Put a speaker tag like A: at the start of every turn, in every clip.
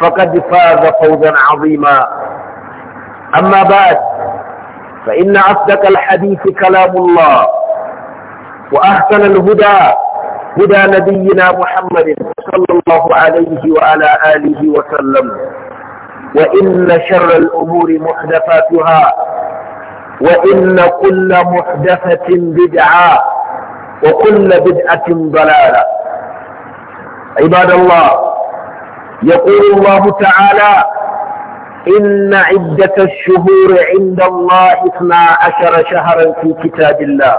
A: فقد فاز فوزا عظيما أما بعد فإن أصدق الحديث كلام الله وأحسن الهدى هدى نبينا محمد صلى الله عليه وعلى آله وسلم وإن شر الأمور محدثاتها وإن كل محدثة بدعة وكل بدعة ضلالة عباد الله يقول الله تعالى إن عدة الشهور عند الله اثنا عشر شهرا في كتاب الله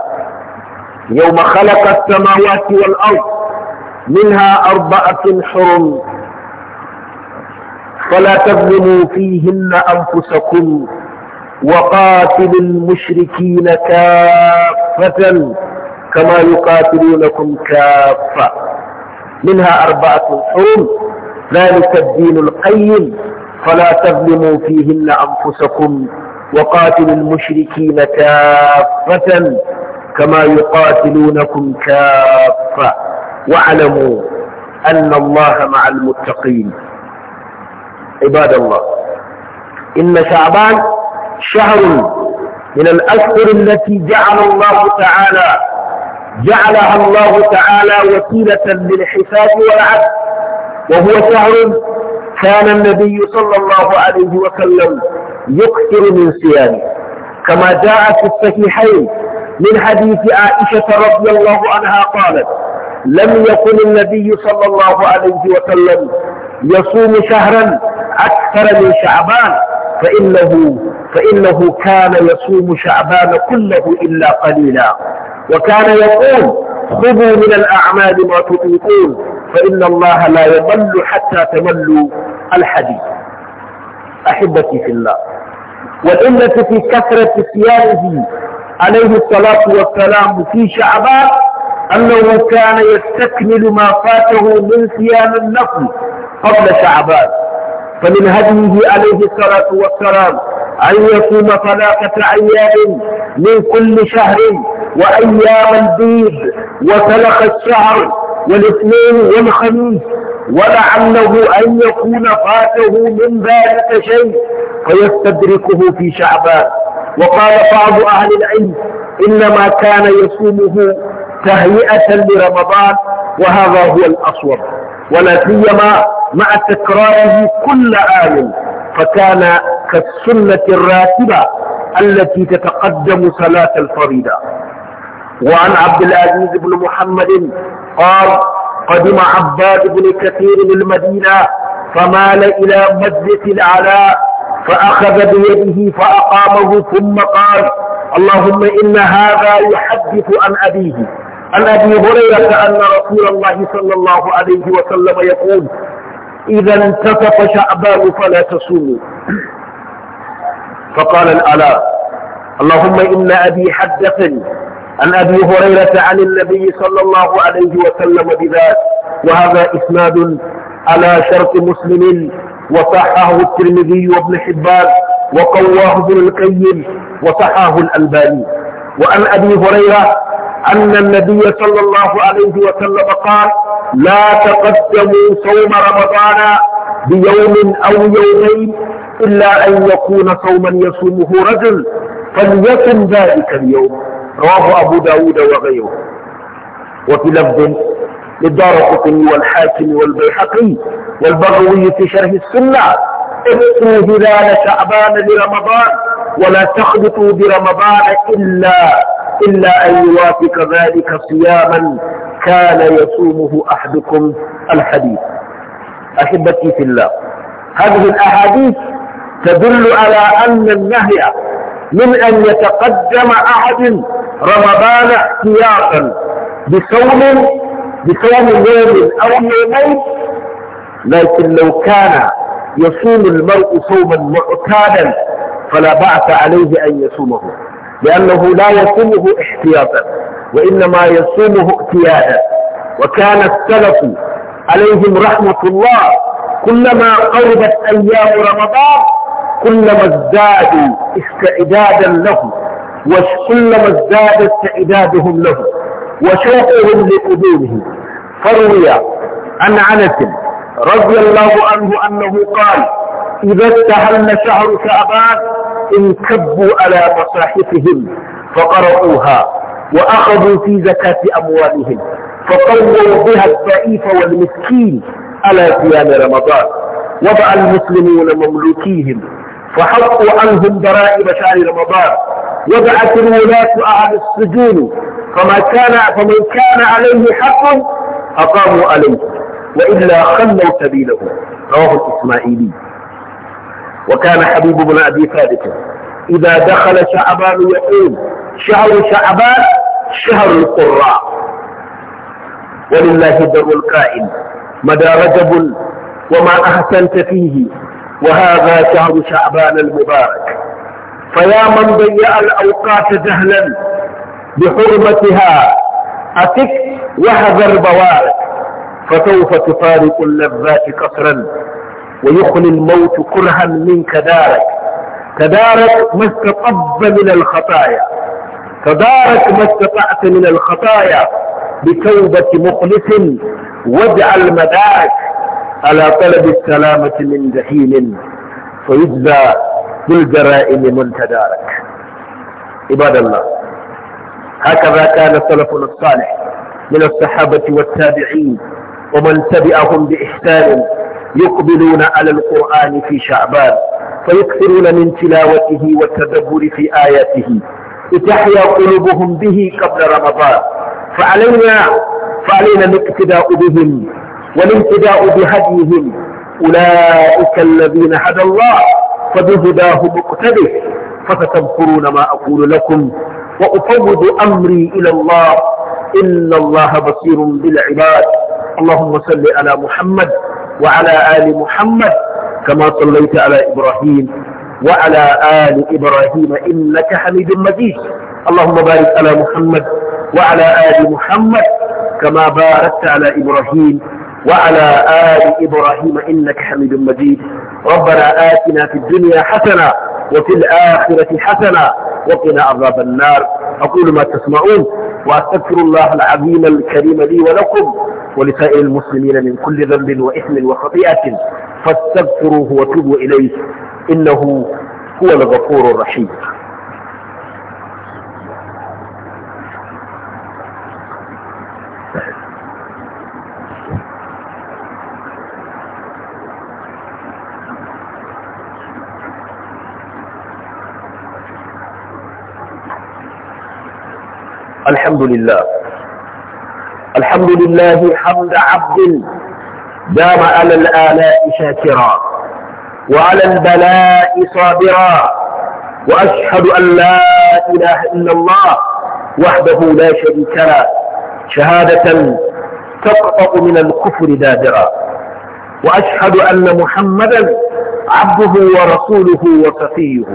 A: يوم خلق السماوات والأرض منها أربعة حرم فلا تظلموا فيهن أنفسكم وقاتل المشركين كافة كما يقاتلونكم كافة منها أربعة حرم ذلك الدين القيم فلا تظلموا فيهن أنفسكم وقاتلوا المشركين كافة كما يقاتلونكم كافة واعلموا أن الله مع المتقين عباد الله إن شعبان شهر من الأشهر التي جعل الله تعالى جعلها الله تعالى وسيلة للحساب والعدل وهو شهر كان النبي صلى الله عليه وسلم يكثر من صيامه كما جاء في الصحيحين من حديث عائشة رضي الله عنها قالت لم يكن النبي صلى الله عليه وسلم يصوم شهرا أكثر من شعبان فإنه, فإنه كان يصوم شعبان كله إلا قليلا وكان يقول خذوا من الأعمال ما تطيقون فإن الله لا يضل حتى تملوا الحديث أحبتي في الله وإن في كثرة صيامه عليه الصلاة والسلام في شعبان أنه كان يستكمل ما فاته من صيام النفل قبل شعبان فمن هديه عليه الصلاة والسلام أن يصوم ثلاثة أيام من كل شهر وأيام البيض وسلخ الشهر والاثنين والخميس ولعله أن يكون فاته من ذلك شيء فيستدركه في شعبان وقال بعض أهل العلم إنما كان يصومه تهيئة لرمضان وهذا هو الأصوب ولا سيما مع تكراره كل عام فكان كالسنة الراتبة التي تتقدم صلاة الفريضة
B: وعن عبد العزيز
A: بن محمد قال قدم عباد بن كثير للمدينة فمال إلى مجلس العلاء فأخذ بيده فأقامه ثم قال اللهم إن هذا يحدث عن أبيه عن أبي هريرة أن رسول الله صلى الله عليه وسلم يقول إذا انتفق شعبان فلا تصوموا فقال الألاء اللهم إن أبي حدثني عن أبي هريرة عن النبي صلى الله عليه وسلم بذات وهذا إسناد على شرط مسلم وصحه الترمذي وابن حبان وقواه ابن القيم وصحه الألباني وعن أبي هريرة أن النبي صلى الله عليه وسلم قال لا تقدموا صوم رمضان بيوم أو يومين إلا أن يكون صوما يصومه رجل فليكن ذلك اليوم رواه أبو داود وغيره وفي لفظ للدار قطني والحاكم والبيحقي والبغوي في شرح السنة اكتوا هلال شعبان لرمضان ولا تخلطوا برمضان إلا إلا أن يوافق ذلك صياما كان يصومه أحدكم الحديث أحبتي في الله
B: هذه الأحاديث
A: تدل على أن النهي من أن يتقدم أحد رمضان احتياطا بصوم بصوم يوم أو يومين لكن لو كان يصوم المرء صوما معتادا فلا بعث عليه أن يصومه
B: لأنه لا يصومه
A: احتياطا وإنما يصومه اعتيادا وكان السلف عليهم رحمة الله كلما قربت أيام رمضان كلما ازدادوا استعدادا له وكلما ازداد استعدادهم له وشوقهم لقدومه فروي عن انس رضي الله عنه انه قال اذا استهل شهر شعبان انكبوا على مصاحفهم فقرؤوها واخذوا في زكاه اموالهم فطووا بها الضعيف والمسكين على صيام رمضان وضع المسلمون مملوكيهم فحطوا عنهم ضرائب شهر رمضان وضعت الولاة أهل السجون فما كان فمن كان عليه حق أقاموا عليه وإلا خلوا سبيله رواه الإسماعيلي وكان حبيب بن أبي ثابت إذا دخل شعبان يقول شهر شعبان شهر القراء ولله در الكائن مدى رجب وما أحسنت فيه وهذا شهر شعبان المبارك فيا من ضيع الأوقات جهلا بحرمتها أتك
B: وهذا بوارك
A: فسوف تفارق اللذات قصرا ويخلي الموت كرها منك دارك تدارك ما استطب من الخطايا تدارك ما استطعت من الخطايا بتوبة مخلص واجعل مدارك على طلب السلامة من جحيم فيجزى بالجرائم من تدارك عباد الله هكذا كان سلفنا الصالح من الصحابة والتابعين ومن تبعهم بإحسان يقبلون على القرآن في شعبان فيكثرون من تلاوته والتدبر في آياته لتحيا قلوبهم به قبل رمضان فعلينا فعلينا الاقتداء بهم والانتداء بهديهم أولئك الذين هدى الله فبهداه مقتده فستذكرون ما أقول لكم وأفوض أمري إلى الله إن الله بصير بالعباد اللهم صل على محمد وعلى آل محمد كما صليت على إبراهيم وعلى آل إبراهيم إنك حميد مجيد اللهم بارك على محمد وعلى آل محمد كما باركت على إبراهيم وعلى آل إبراهيم إنك حميد مجيد ربنا آتنا في الدنيا حسنة وفي الآخرة حسنة وقنا عذاب النار أقول ما تسمعون وأستغفر الله العظيم الكريم لي ولكم ولسائر المسلمين من كل ذنب وإثم وخطيئة فاستغفروه وتوبوا إليه إنه هو الغفور الرحيم الحمد لله الحمد لله حمد عبد دام على الآلاء شاكرا وعلى البلاء صابرا وأشهد أن لا إله إلا الله وحده لا شريك له شهادة تقطع من الكفر دابرا وأشهد أن محمدا عبده ورسوله وصفيه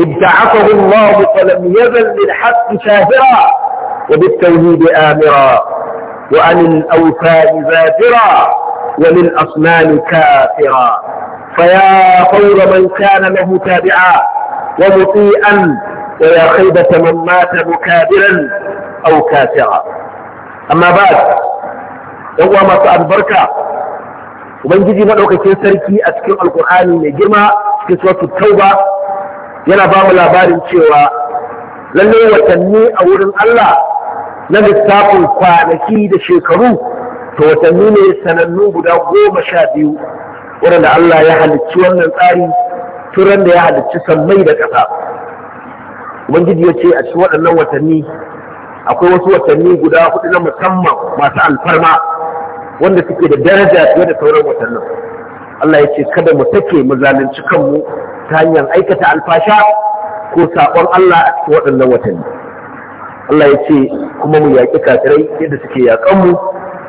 A: ابتعثه الله فلم يزل للحق شاهرا وبالتوهيد آمرا وعن الأوثان ذافرا وللأصنام كافرا فيا خير من كان له تابعا ومطيئا ويا خيبة من مات مكابرا أو كافرا أما بعد هو ما سأل بركة ومن جدي من أوقي تنسركي أسكر القرآن في سورة التوبة ينا باب الأبار لن يوتني أولا الله na lissafin kwanaki da shekaru to watanni ne sanannu guda goma sha biyu waɗanda Allah ya halicci wannan tsari turan da ya halicci sammai da ƙasa ubangiji ya ce a cikin waɗannan watanni akwai wasu watanni guda hudu na musamman masu alfarma wanda suke da daraja fiye da sauran watannin Allah ya ce kada mu take mu zalunci kanmu ta hanyar aikata alfasha ko saƙon Allah a cikin waɗannan watanni Allah ya ce kuma mu yaƙi kafirai yadda suke yaƙan mu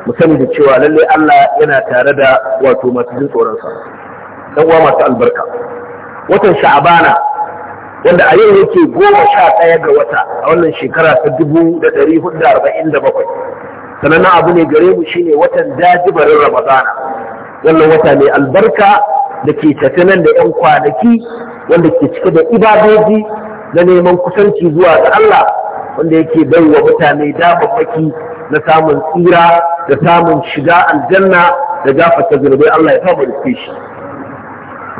A: mu sani da cewa lallai Allah yana tare da wato masu jin tsoronsa dan uwa masu albarka watan sha'abana wanda a yau yake goma sha ɗaya ga wata a wannan shekara ta dubu da ɗari hudu da arba'in da bakwai sanannen abu ne gare mu shine watan dajibarin ramadana wannan wata mai albarka da ke tafi nan da 'yan kwanaki wanda ke cike da ibadoji na neman kusanci zuwa ga Allah wanda yake bai wa mutane damammaki na samun tsira da samun shiga aljanna da gafata zunubai Allah ya samu da shi ga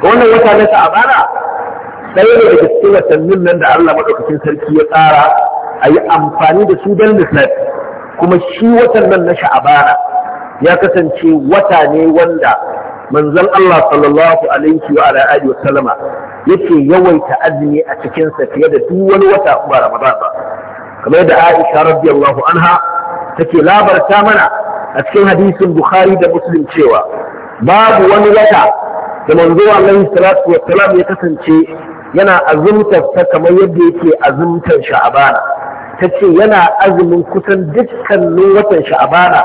A: wannan wata na ta'abara ɗaya ne daga cikin watannin nan da Allah maɗaukakin sarki ya tsara a yi amfani da su don lissafi kuma shi watan nan na sha'abara ya kasance wata ne wanda manzon Allah sallallahu alaihi wa alihi wa sallama yake yawaita azumi a cikin sa fiye da duk wani wata ba Ramadan ba kamar yadda Aisha radiyallahu anha take labarta mana a cikin hadisin Bukhari da Muslim cewa babu wani wata da manzo alaihi salatu ya kasance yana azumtar ta kamar yadda yake azumtar sha'abana tace yana azumin kusan dukkanin watan sha'abana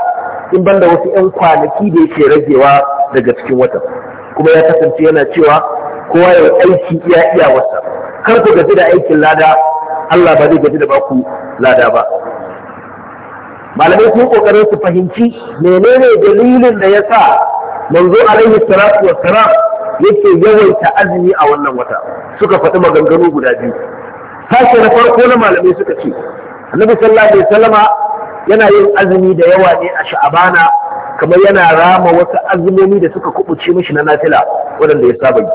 A: in banda wasu 'yan kwanaki da yake ragewa daga cikin watan kuma ya kasance yana cewa kowa ya aiki iya iya kar ku gaji da aikin lada Allah ba zai gaji da baku lada ba malamai sun ƙoƙarin su fahimci menene dalilin da ya sa manzo alaihi salatu wassalam yake yawaita azumi a wannan wata suka faɗi maganganu guda biyu sashe na farko na malamai suka ce annabi sallallahu alaihi sallama yana yin azumi da yawa ne a sha'abana kamar yana rama wasu azumomi da suka kubuce mishi na nafila waɗanda ya saba yi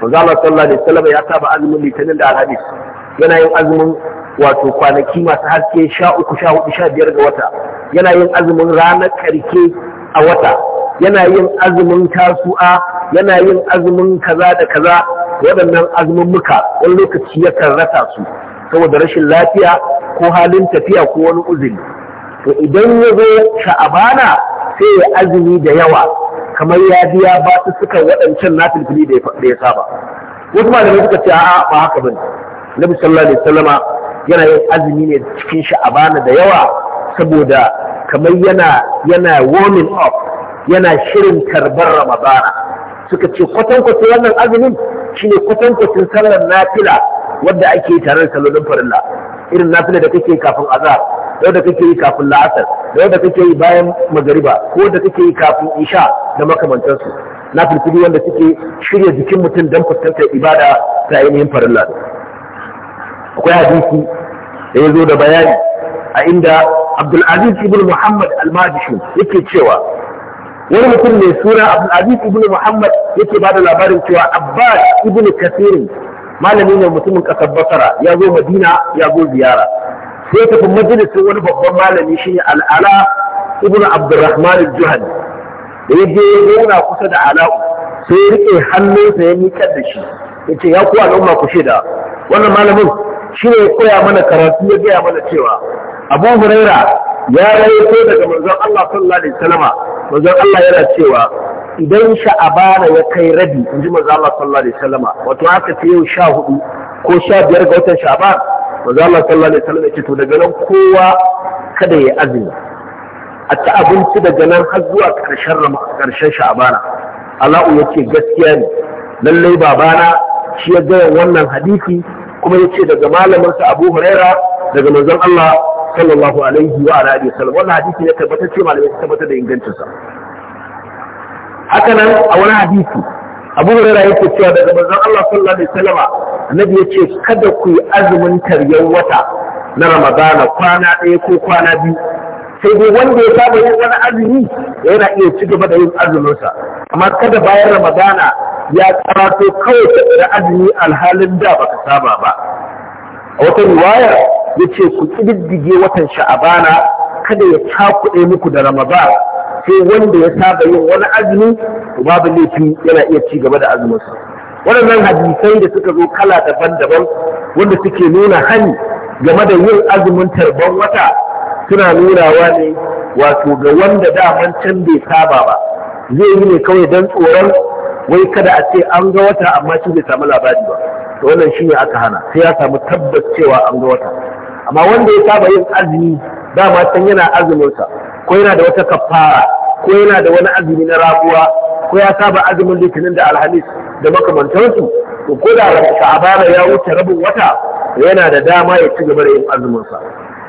A: manzo Allah sallallahu alaihi sallama ya saba azumin litinin da alhadis yana yin azumin wato kwanaki masu haske sha uku sha hudu sha biyar ga wata yana yin azumin ranar karke a wata yana yin azumin tasu'a yana yin azumin kaza da kaza waɗannan azumin muka wani lokaci yakan rasa su saboda rashin lafiya ko halin tafiya ko wani uzuri to idan ya zo sha'abana sai ya azumi da yawa kamar ya biya ba su suka waɗancan nafilfili da ya saba wasu malamai suka ce a'a ba haka bane nabi sallallahu alaihi wasallama yana yin azumi ne cikin sha'abana da yawa saboda kamar yana yana warming up yana shirin karbar ramadana suka ce kwatankwacin wannan azumin shine kwatankwacin sallar nafila wadda ake tare da sallolin farilla irin nafila da kake kafin azhar da wadda kake yi kafin la'asar da wadda kake yi bayan magariba ko da kake yi kafin isha da makamantansu na firfiri wanda suke shirya jikin mutum don fuskantar ibada ta ainihin farilla akwai hadisi da ya zo da bayani a inda abdulaziz ibn muhammad almadishu yake cewa wani mutum mai suna abdulaziz ibn muhammad yake ba da labarin cewa abbas ibn kasirin malami ne mutumin kasar basara ya zo madina ya zo ziyara sai tafi majalisin wani babban malami shine al'ala ibn Abdulrahman al-juhani da ya je zauna kusa da ala'u sai ya riƙe hannunsa ya miƙar da shi ya ce ya kuwa al'umma ku da wannan malamin shi ne koya mana karatu ya gaya mana cewa abu huraira ya ko daga manzon Allah sallallahu alaihi wasallama manzon Allah yana cewa idan sha'abana ya kai rabi in ji manzon Allah sallallahu alaihi wasallama wato haka ce yau sha hudu ko sha biyar ga watan sha'aban manzon Allah sallallahu alaihi wasallama ya ce to daga nan kowa kada ya azumi a ta abinci daga nan har zuwa karshen karshen sha'abana Ala'u ya ce gaskiya ne lallai babana shi ya gaya wannan hadisi kuma ya ce daga malaminsa Abu Huraira daga manzon Allah sallallahu alaihi wa alihi wasallam wannan hadisi ne tabbatacce malamai su tabbatar da ingancinsa haka nan a wani hadisi Abu Huraira yake cewa daga manzon Allah sallallahu alaihi wasallam annabi ce kada ku yi azumin taryar wata na Ramadana kwana ɗaya ko kwana biyu sai dai wanda ya saba yin wani azumi yana iya ci gaba da yin azuminsa amma kada bayan ramadana ya karato kawai da azumi alhalin da baka saba ba a wata riwaya ya ce ku ƙididdige watan sha'abana kada ya cakuɗe muku da ramadan sai wanda ya saba yin wani azumi babu laifi yana iya ci gaba da azuminsa waɗannan hadisai da suka zo kala daban-daban wanda suke nuna hani game da yin azumin tarban wata suna nunawa ne wato ga wanda daman can bai saba ba zai yi ne kawai don tsoron wai kada a ce an ga wata amma shi bai samu labari ba to wannan shi ne aka hana sai ya samu tabbas cewa an ga wata amma wanda ya saba yin azumi dama can yana azuminsa ko yana da wata kafara ko yana da wani azumi na rabuwa ko ya saba azumin litinin da alhamis da makamantansu to ko da ya wuce rabin wata yana da dama ya ci gaba da yin azuminsa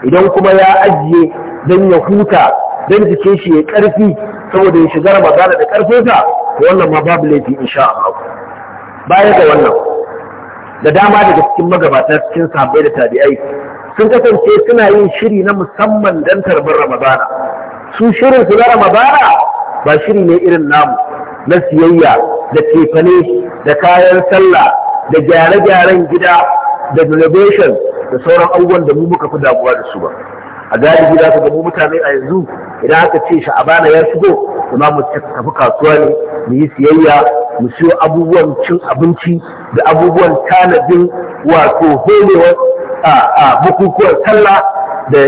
A: idan kuma ya ajiye don ya huta don jikin shi ya karfi saboda ya shiga ramadana da karfinsa to wannan ma babu laifi insha Allah baya ga wannan da dama daga cikin magabata cikin sabai da tabi'ai sun kasance suna yin shiri na musamman don tarbar ramadana su shirin su na ramadana ba shiri ne irin namu na siyayya da cefane da kayan sallah da gyare-gyaren gida da renovation da sauran abubuwan da mu muka fi damuwa da su ba a galibi za su ga mu mutane a yanzu idan aka ce sha'abana ya shigo to ma mu tafi kasuwa ne mu yi siyayya mu siyo abubuwan cin abinci da abubuwan tanadin wato holewa. a bukukuwan sallah da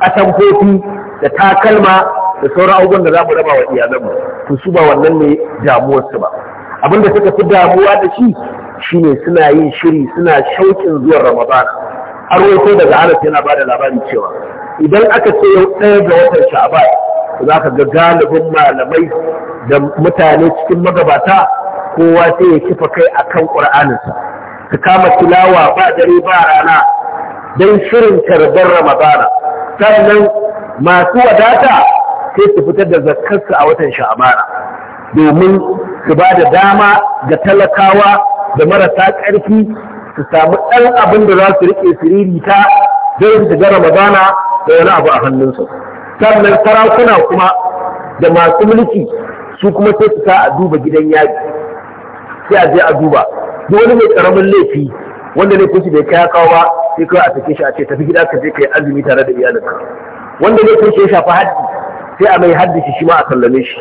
A: atamfofi da takalma da sauran abubuwan da za mu raba wa iyalanmu to su ba wannan ne damuwarsu ba abinda suka fi damuwa da shi shine suna yin shiri suna shaukin zuwan ramadana arwaito daga Anas yana da labari cewa idan aka ce yau ɗaya ga watan Sha'ban za ka ga galibin malamai da mutane cikin magabata kowa sai ya kifa kai akan Qur'aninsa ka kama tilawa ba dare ba rana don shirin karbar Ramadana sannan masu wadata sai su fitar da zakkarsu a watan Sha'bana domin su ba da dama ga talakawa da marasa ƙarfi su samu ɗan abin da za su riƙe siriri ta zai su gara magana da wani abu a hannunsu sannan sarakuna kuma da masu mulki su kuma sai su sa a duba gidan yaƙi. sai a je a duba da wani mai ƙaramin laifi wanda ne shi bai kai kawo ba sai kawai a sake shi a ce tafi gida ka je ka yi azumi tare da iyalinka wanda ne shi ya shafa haddi sai a mai haddi shi shi ma a sallame shi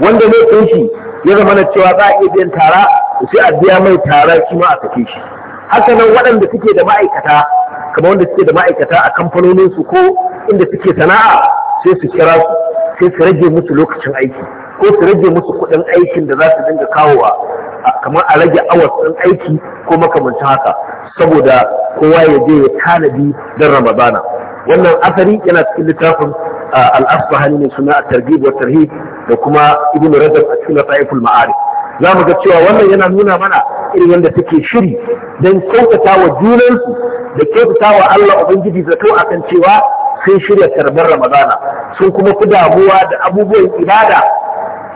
B: wanda laifin shi
A: ya zama na cewa za a iya biyan tara sai a biya mai tara shi ma a sake shi haka nan waɗanda suke da ma'aikata kamar wanda suke da ma'aikata a kamfanonin su ko inda suke sana'a sai su kira su sai su rage musu lokacin aiki ko su rage musu kuɗin aikin da za su dinga kawowa kamar a rage awas ɗin aiki ko makamancin haka saboda kowa ya je ya tanadi don ramadana wannan asari yana cikin littafin al-asbahani ne suna at-targhib wa tarhib da kuma ibnu rajab a cikin ma'arif za mu ga cewa wannan yana nuna mana irin wanda suke shiri don kyautata wa junansu da kyautata wa Allah Ubangiji zato a kan cewa sun shirya tarbar Ramadana sun kuma fi damuwa da abubuwan ibada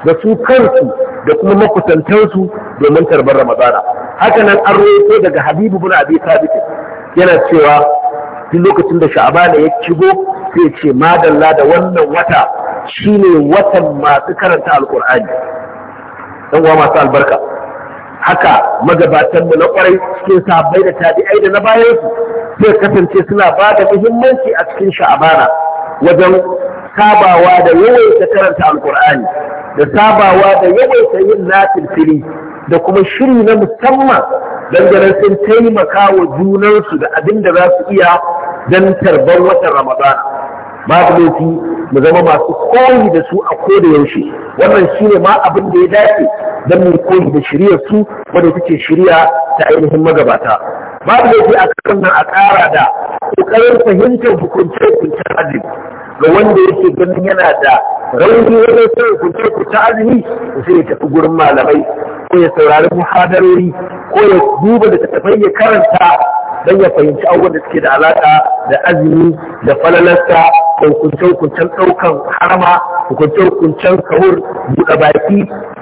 A: da su kansu da kuma makusantansu domin tarbar Ramadana. Haka nan an roƙo daga Habibu bin Abi Thabit yana cewa duk lokacin da Sha'abana ya shigo sai ce madalla da wannan wata shine watan masu karanta Alƙur'ani. dan uwa masu albarka haka magabatan mu na kwarai cikin sabbai da tabi'ai da na bayan su sai kasance suna ba da muhimmanci a cikin sha'abana wajen sabawa da yawaita karanta alkur'ani da sabawa da yawaita yin natin da kuma shiri na musamman dangane sun taimaka wa junansu da abin da za su iya don watan ramadana babu laifi mu zama masu koyi da su a koda yaushe wannan shine ma abin da ya dace don mu koyi da shirya su wanda take shirya ta ainihin magabata babu laifi a kan nan a ƙara da ƙoƙarin fahimtar hukuncin-hukuncin azumi ga wanda yake ganin yana da rauni wajen sai hukuncin hukuncin azumi da sai ya tafi gurin malamai ko ya saurari muhadarori ko ya duba da tafai ya karanta don ya fahimci abubuwan da suke da alaƙa da azumi da falalarsa hukunce-hukuncen ɗaukan harama hukunce-hukuncen kawur buɗe baki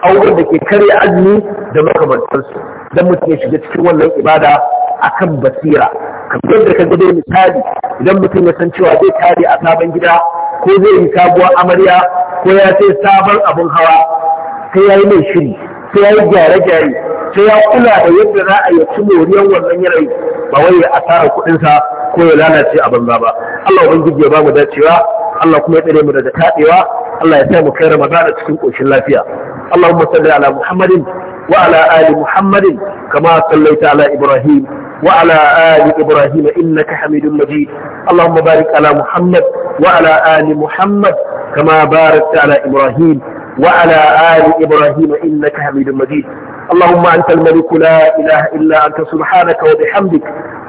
A: auren da ke karya azumi da makamantarsu don mutum ya shiga cikin wannan ibada a kan basira kamar da ka gado misali idan mutum ya san cewa zai tari a sabon gida ko zai yi sabuwar amarya ko ya sai sabon abin hawa sai ya yi mai shiri sai ya yi gyare-gyare sai ya kula da yadda za a yi ci moriyar wannan yanayi ba wai ya asara kuɗinsa ko ya lalace a banza ba Allah ubangiji ya ba mu dacewa Allah kuma ya tsare mu daga tadewa Allah ya sa mu kai Ramadan cikin koshin lafiya Allahumma salli ala Muhammadin wa ala ali Muhammadin kama sallaita ala Ibrahim wa ala ali Ibrahim innaka Hamidum Majid Allahumma barik ala Muhammad wa ala ali Muhammad kama barakta ala Ibrahim وعلى آل إبراهيم إنك حميد مجيد اللهم أنت الملك لا إله إلا أنت سبحانك وبحمدك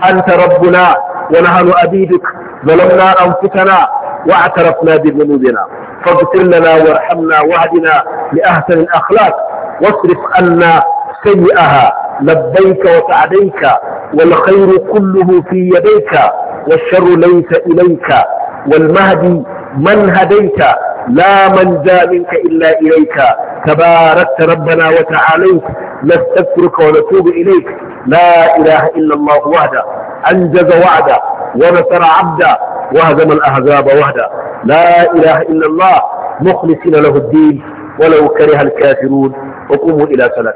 A: أنت ربنا أبي أبيدك ظلمنا أنفسنا واعترفنا بذنوبنا فاغفر لنا وارحمنا واهدنا لأحسن الأخلاق واصرف عنا سيئها لبيك وسعديك والخير كله في يديك والشر ليس إليك والمهدي من هديك لا من جاء منك إلا إليك تباركت ربنا وتعاليك نستغفرك ونتوب إليك لا إله إلا الله وحده أنجز وعدا ونصر عبدا وهزم الأحزاب وحدا لا إله إلا الله مخلصين له الدين ولو كره الكافرون
B: وقوموا إلى صلاة